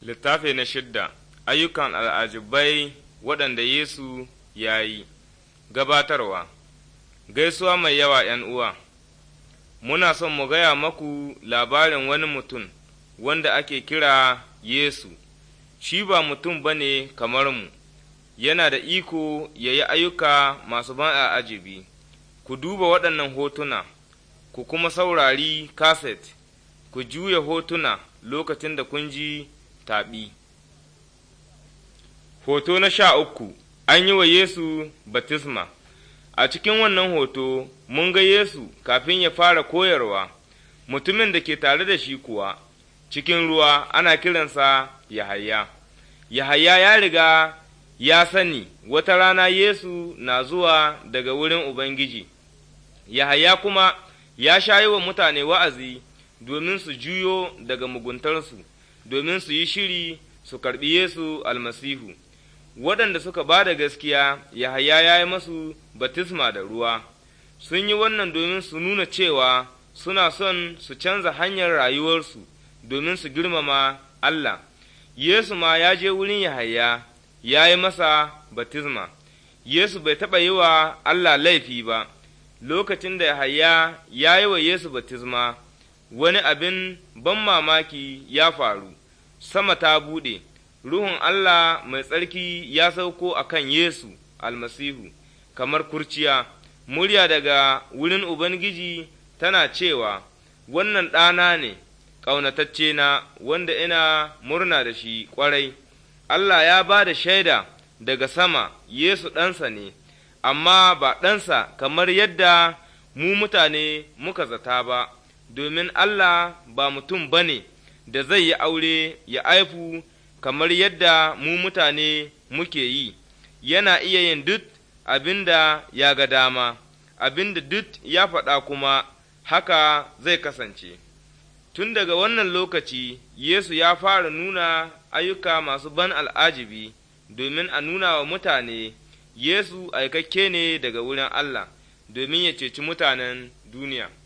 Littafi na shidda Ayyukan al'ajibai waɗanda Yesu ya yi Gabatarwa Gaisuwa mai yawa ’yan uwa Muna son mu gaya maku labarin wani mutum wanda ake kira Yesu, shi ba mutum ba ne kamar mu, yana da iko ya yi ayyuka masu ban al'ajibi. Ku duba waɗannan hotuna, ku kuma saurari kaset, ku juya hotuna lokacin da kun ji taɓi hoto na sha uku an yi wa yesu batisma a cikin wannan hoto mun ga yesu kafin ya fara koyarwa mutumin da ke tare da shi kuwa cikin ruwa ana kiransa yahaya yahaya ya riga ya sani wata rana yesu na zuwa daga wurin ubangiji yahaya kuma ya shayi wa mutane wa'azi domin su juyo daga muguntarsu domin su yi shiri su karɓi Yesu almasihu. Waɗanda suka ba da gaskiya, Yahaya ya yi masu batisma da ruwa, sun yi wannan domin su nuna cewa suna son su canza hanyar rayuwarsu domin su girmama Allah. Yesu ma ya je wurin Yahaya, ya yi masa batisma. Yesu bai taɓa yi wa Allah laifi ba, lokacin da Yahaya ya yi wa Yesu batisma, wani abin ban mamaki ya faru, sama ta buɗe, Ruhun Allah mai tsarki ya sauko a kan Yesu almasihu, kamar kurciya, murya daga wurin Ubangiji tana cewa, Wannan ɗana ne, ƙaunatacce na, wanda ina murna da shi ƙwarai, Allah ya ba da shaida daga sama, Yesu ɗansa ne, amma ba ɗansa kamar yadda mu mutane muka zata ba. domin Allah ba mutum ba ne da zai yi aure ya aifu kamar yadda mu mutane muke yi, yana iya yin duk abin da ya ga dama, abin da duk ya faɗa kuma haka zai kasance. Tun daga wannan lokaci, Yesu ya fara nuna ayyuka masu ban al'ajibi domin a nuna wa mutane Yesu aikakke ne daga wurin Allah domin ya ceci mutanen duniya.